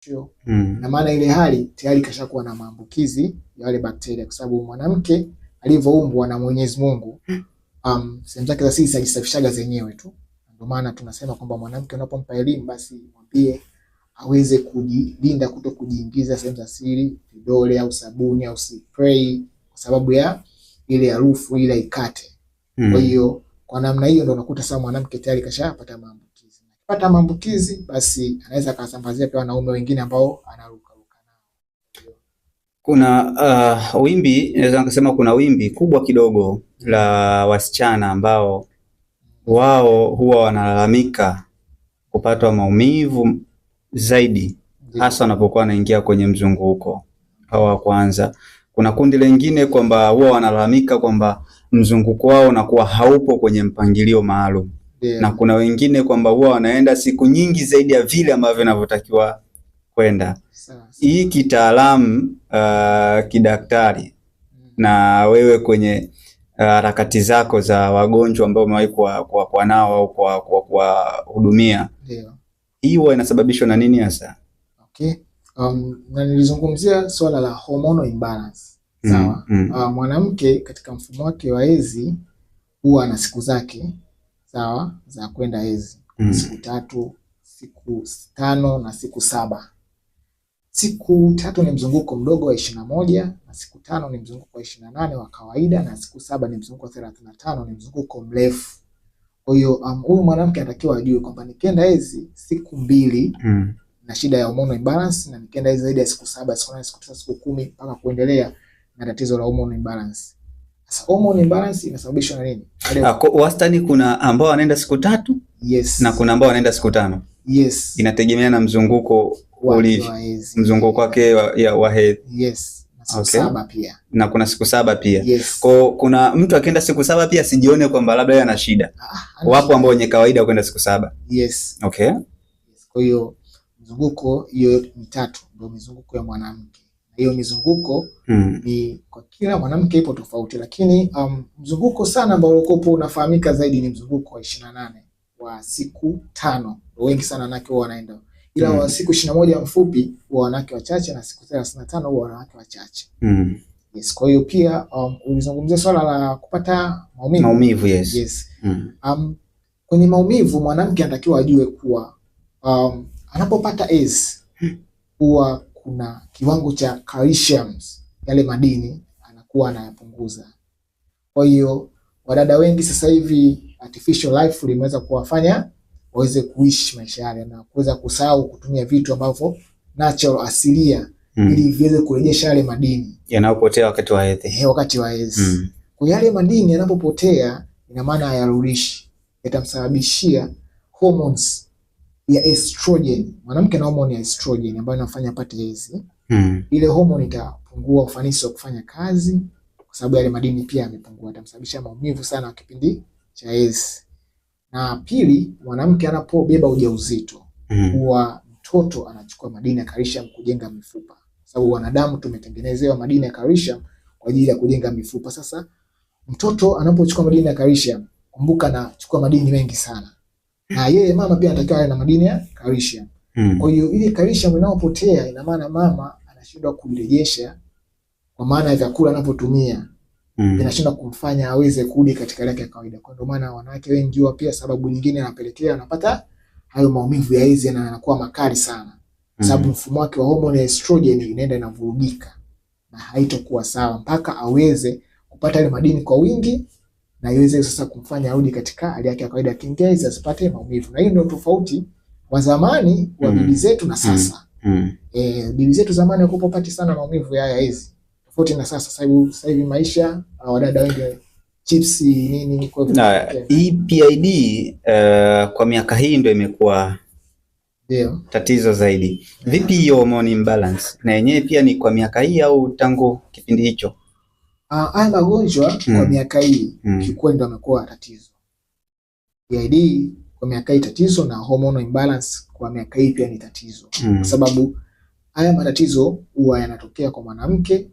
sio mm. na maana ile hali tayari kashakuwa na maambukizi ya wale bakteria, kwa sababu mwanamke alivyoumbwa na Mwenyezi Mungu um, sehemu zake za siri zajisafishaga zenyewe tu. Ndio maana tunasema kwamba mwanamke unapompa elimu, basi mwambie aweze kujilinda kuto kujiingiza sehemu za siri vidole au sabuni au spray, kwa sababu ya ile harufu ile ikate. Mm. Kwa hiyo kwa namna hiyo ndio unakuta sasa mwanamke tayari kashapata mambo pata maambukizi, basi anaweza akasambazia pia wanaume wengine ambao anaruka nao. Kuna uh, wimbi naweza nikasema kuna wimbi kubwa kidogo la wasichana ambao wao huwa wanalalamika kupatwa maumivu zaidi hasa wanapokuwa wanaingia kwenye mzunguko au wa kwanza. Kuna kundi lingine kwamba huwa wanalalamika kwamba mzunguko wao unakuwa haupo kwenye mpangilio maalum na kuna wengine kwamba huwa wanaenda siku nyingi zaidi ya vile ambavyo inavyotakiwa kwenda. Hii kitaalamu uh, kidaktari hmm. na wewe kwenye uh, harakati uh, zako za wagonjwa ambao umewahi kuwa nao au kuwahudumia Hii huwa inasababishwa na nini hasa? Okay. Um, na nilizungumzia swala la hormonal imbalance hmm, sawa. mm, mm. Uh, mwanamke katika mfumo wake wa hedhi huwa na siku zake sawa za kwenda hedhi mm. siku tatu, siku tano na siku saba. Siku tatu ni mzunguko mdogo wa ishirini na moja na siku tano ni mzunguko wa ishirini na nane wa kawaida na siku saba ni mzunguko wa thelathini na tano ni mzunguko mrefu. Kwa hiyo um, huyu um, mwanamke anatakiwa ajue kwamba nikienda hedhi siku mbili mm. na shida ya hormone imbalance, na nikienda hedhi zaidi ya siku saba, siku nane, siku tisa, siku kumi mpaka kuendelea na tatizo la hormone imbalance sasa hormone imbalance inasababishwa na nini? Ah, wastani kuna ambao wanaenda siku tatu yes, na kuna ambao wanaenda siku tano yes. Inategemea na mzunguko ulivyo, mzunguko wake wa hedhi yes. Okay. Saba Pia. Na kuna siku saba pia yes. Kwa kuna mtu akienda siku saba pia sijione kwamba labda yeye ana shida ah, wapo ambao wenye kawaida kwenda siku saba yes. Okay. Yes. Kwa hiyo mzunguko hiyo mitatu ndio mizunguko ya mwanamke hiyo mizunguko mm. ni kwa kila mwanamke ipo tofauti, lakini um, mzunguko sana ambao ulikopo unafahamika zaidi ni mzunguko wa ishirini na nane wa siku tano. Wengi sana wanawake huwa wanaenda ila, mm. wa siku ishirini na moja mfupi huwa wanawake wachache, na siku thelathini na tano huwa wanawake wachache mm. Yes, kwa hiyo pia um, ulizungumzia swala la kupata maumivu, maumivu yes. Yes. Mm. Um, kwenye maumivu mwanamke anatakiwa ajue kuwa um, anapopata es hmm. huwa kuna kiwango cha calcium, yale madini anakuwa anayapunguza. Kwa hiyo wadada wengi sasa hivi artificial life limeweza kuwafanya waweze kuishi maisha yale na kuweza kusahau kutumia vitu ambavyo natural asilia mm. ili viweze kurejesha yale madini yanayopotea wakati wa hedhi. Eh, wakati wa hedhi. Mm. Kwa yale madini yanapopotea, ina maana hayarudishi, yatamsababishia hormones ya estrogen. Mwanamke na homoni ya estrogen ambayo inafanya apate hedhi. Mm. Ile homoni itapungua ufanisi wa kufanya kazi kwa sababu yale madini pia yamepungua, atamsababisha maumivu sana wa kipindi cha hedhi. Na pili, mwanamke anapobeba ujauzito hmm. huwa mm. mtoto anachukua madini ya calcium kujenga mifupa, kwa sababu wanadamu tumetengenezewa madini ya calcium kwa ajili ya kujenga mifupa. Sasa mtoto anapochukua madini ya calcium, kumbuka, anachukua madini mengi sana na yeye mama pia anatakiwa awe na madini ya calcium. Hmm. Kwa hiyo ile calcium inayopotea ina maana mama anashindwa kuirejesha kwa maana ya vyakula anapotumia. Mm. Inashindwa kumfanya aweze kurudi katika hali yake ya kawaida. Kwa ndio maana wanawake wengi wa pia sababu nyingine anapelekea anapata hayo maumivu ya hizi na anakuwa makali sana. Mm. Sababu mfumo wake wa homoni ya estrogen inaenda inavurugika na haitokuwa sawa mpaka aweze kupata ile madini kwa wingi na iweze sasa kumfanya arudi katika hali yake ya kawaida akiingia asipate maumivu. Na hiyo ndio tofauti wa zamani wa mm. bibi zetu na sasa. Mm. mm. Eh, bibi zetu zamani hakupo pati sana maumivu haya hizi. Tofauti na sasa, sasa hivi maisha wadada wengi chipsi nini nini kwa na hii PID uh, eh, kwa miaka hii ndio imekuwa ndio tatizo zaidi. Vipi hiyo hormone imbalance? Na yenyewe pia ni kwa miaka hii au tangu kipindi hicho? uh, ah, ana magonjwa mm. kwa hmm. miaka hii mm. kikuwa ndio amekuwa tatizo. PID kwa miaka hii tatizo, na hormonal imbalance kwa miaka hii pia ni tatizo mm. kwa sababu haya matatizo huwa yanatokea kwa mwanamke,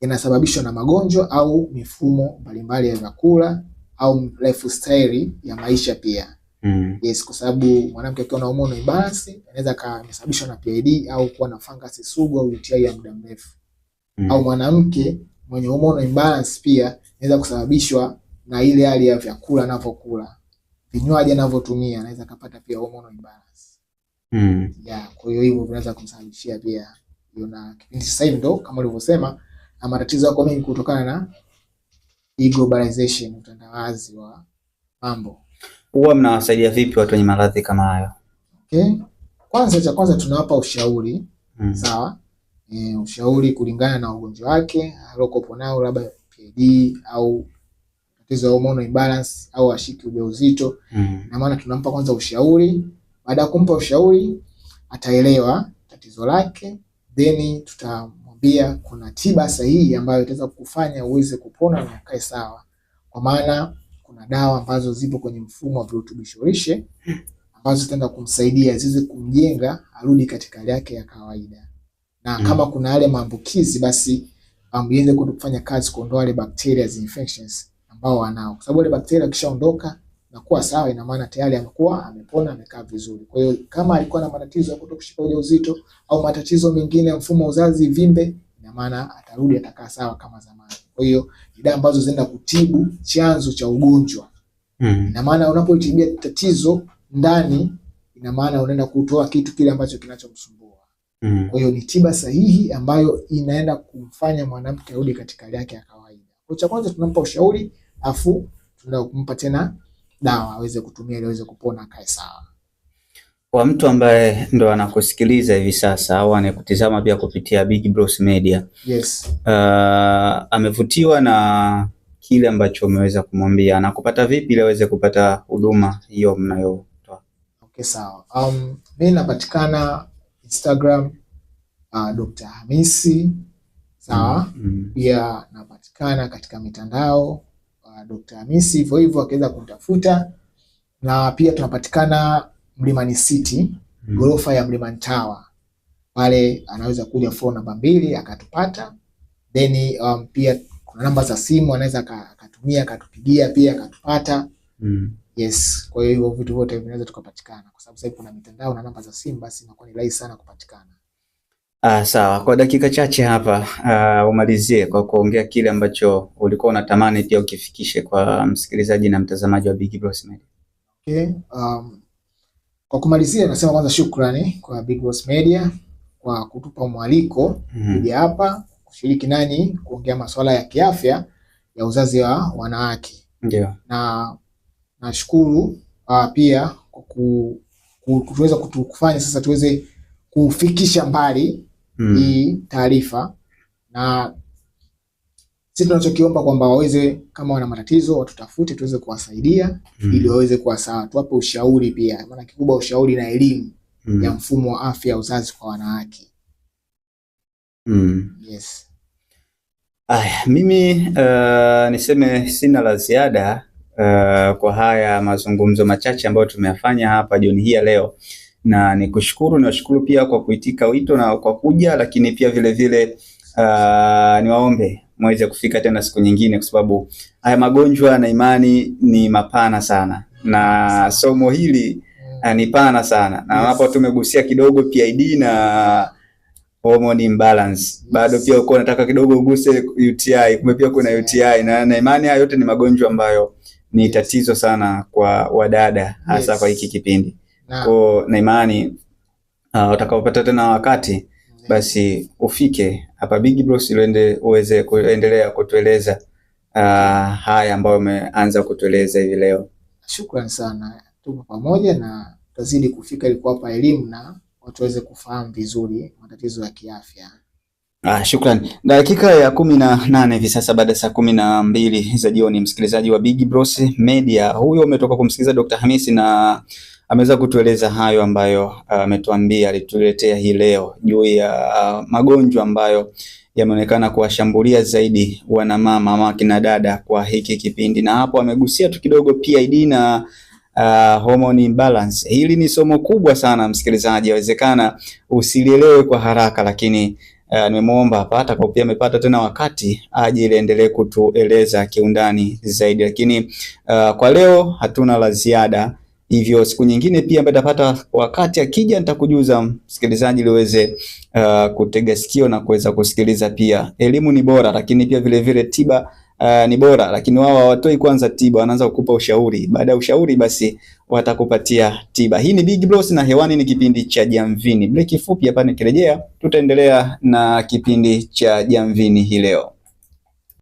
yanasababishwa na magonjwa au mifumo mbalimbali ya vyakula au lifestyle ya maisha pia mm. Yes, kwa sababu mwanamke akiwa na hormonal imbalance anaweza kasababishwa na PID au kuwa na fangasi sugu au UTI ya muda mrefu mm. au mwanamke mwenye hormonal imbalance pia inaweza kusababishwa na ile hali ya vyakula anavyokula, vinywaji anavyotumia, anaweza kapata pia hormonal imbalance mm. Yeah, kwa hiyo hivyo vinaweza kumsababishia pia hiyo, na kipindi sasa hivi ndo kama ulivyosema, na matatizo yako mengi kutokana na hii globalization, utandawazi wa mambo. Huwa mnawasaidia vipi watu wenye maradhi kama hayo? Okay, kwanza cha kwanza tunawapa ushauri mm. sawa e, ushauri kulingana na ugonjwa wake aliokopo nao, labda PID au tatizo la hormonal imbalance au ashiki ujauzito mm. na maana tunampa kwanza ushauri. Baada ya kumpa ushauri, ataelewa tatizo lake, then tutamwambia kuna tiba sahihi ambayo itaweza kufanya uweze kupona na ukae sawa, kwa maana kuna dawa ambazo zipo kwenye mfumo wa virutubisho lishe ambazo zitaenda kumsaidia ziweze kumjenga arudi katika hali yake ya kawaida na mm. kama kuna yale maambukizi basi iweze um, kufanya kazi kuondoa wale bacteria infections ambao wanao, kwa sababu wale bacteria kishaondoka na kuwa sawa, ina maana tayari amekuwa amepona, amekaa vizuri. Kwa hiyo kama alikuwa na matatizo ya kutokushika ujauzito au matatizo mengine ya mfumo wa uzazi, vimbe, ina maana atarudi, atakaa sawa kama zamani. Kwa hiyo ni dawa ambazo zinaenda kutibu chanzo cha ugonjwa mm. ina maana unapotibia tatizo ndani, ina maana unaenda kutoa kitu kile ambacho kinachomsumbua. Mm. Kwa hiyo ni tiba sahihi ambayo inaenda kumfanya mwanamke arudi katika hali yake ya kawaida. Kwa cha kwanza tunampa ushauri, afu kumpa tena dawa aweze kutumia ili aweze kupona akae sawa. Kwa mtu ambaye ndo anakusikiliza hivi sasa au anakutizama pia kupitia Big Bros Media. Yes. Uh, amevutiwa na kile ambacho umeweza kumwambia anakupata vipi ili aweze kupata huduma hiyo mnayotoa? Okay, sawa. Um, mimi napatikana Instagram uh, Dr. Hamisi sawa, mm. pia napatikana katika mitandao uh, Dr. Hamisi hivyo hivyo, akiweza kunitafuta, na pia tunapatikana Mlimani City mm. Mm-hmm. gorofa ya Mlimani Tower pale, anaweza kuja phone namba mbili akatupata, then um, pia kuna namba za simu anaweza akatumia akatupigia pia akatupata mm. Yes, kwa hiyo hivyo vitu vyote vinaweza tukapatikana kwa sababu sasa kuna mitandao na namba za simu, basi inakuwa ni rahisi sana kupatikana. Ah, sawa. Kwa dakika chache hapa uh, umalizie kwa kuongea kile ambacho ulikuwa unatamani pia ukifikishe kwa msikilizaji na mtazamaji wa Big Boss Media. Okay. Um, kwa kumalizia nasema kwanza shukrani kwa Big Boss Media kwa kutupa mwaliko mhm. kuja mm -hmm. hapa kushiriki nanyi kuongea masuala ya kiafya ya uzazi wa wanawake. Ndio. Na Nashukuru uh, pia ku, ku, kutuweza kutu, kufanya sasa tuweze kufikisha mbali mm. hii taarifa na sisi tunachokiomba kwamba waweze kama wana matatizo watutafute tuweze kuwasaidia mm. ili waweze kuwa sawa, tuwape ushauri pia, maana kikubwa ushauri na elimu mm. ya mfumo wa afya ya uzazi kwa wanawake mm. yes. Ay, mimi uh, niseme sina la ziada uh, kwa haya mazungumzo machache ambayo tumeyafanya hapa jioni hii ya leo, na nikushukuru, niwashukuru pia kwa kuitika wito na kwa kuja, lakini pia vile vile, uh, niwaombe mweze kufika tena siku nyingine, kwa sababu haya magonjwa na imani ni mapana sana na somo hili uh, ni pana sana na hapo yes. Tumegusia kidogo PID na hormone imbalance bado pia uko nataka kidogo uguse UTI, kumbe pia kuna UTI na, na imani. Haya yote ni magonjwa ambayo ni tatizo sana kwa wadada hasa yes. kwa hiki kipindi Kwa na imani uh, ah, utakaopata tena wakati basi ufike hapa Big Bros uende uweze kuendelea kutueleza uh, haya ambayo umeanza kutueleza hivi leo. Shukrani sana, tupo pamoja na tutazidi kufika ili kuwapa elimu na watu waweze kufahamu vizuri matatizo ya kiafya. Ah, shukrani. Dakika ya kumi na nane hivi sasa baada ya saa kumi na mbili za jioni, msikilizaji wa Big Bros Media huyo umetoka kumsikiliza Dr. Hamisi na ameweza kutueleza hayo ambayo ah, ametuambia, uh, alituletea hii leo juu ya uh, magonjwa ambayo yameonekana kuwashambulia zaidi wanamama ama kina dada kwa hiki kipindi, na hapo amegusia tu kidogo PID na Uh, hormone imbalance. Hili ni somo kubwa sana msikilizaji, yawezekana usilielewe kwa haraka, lakini Uh, nimemwomba hapa atakapo pia amepata tena wakati aje ili endelee kutueleza kiundani zaidi, lakini uh, kwa leo hatuna la ziada, hivyo siku nyingine pia ambaye atapata wakati akija nitakujuza msikilizaji, ili uweze uh, kutega sikio na kuweza kusikiliza pia. Elimu ni bora, lakini pia vilevile vile tiba uh, ni bora, lakini wao hawatoi kwanza tiba, wanaanza kukupa ushauri. Baada ya ushauri, basi watakupatia tiba. Hii ni Big Bros na hewani ni kipindi cha Jamvini. Breki fupi hapa, nikirejea tutaendelea na kipindi cha Jamvini hii leo.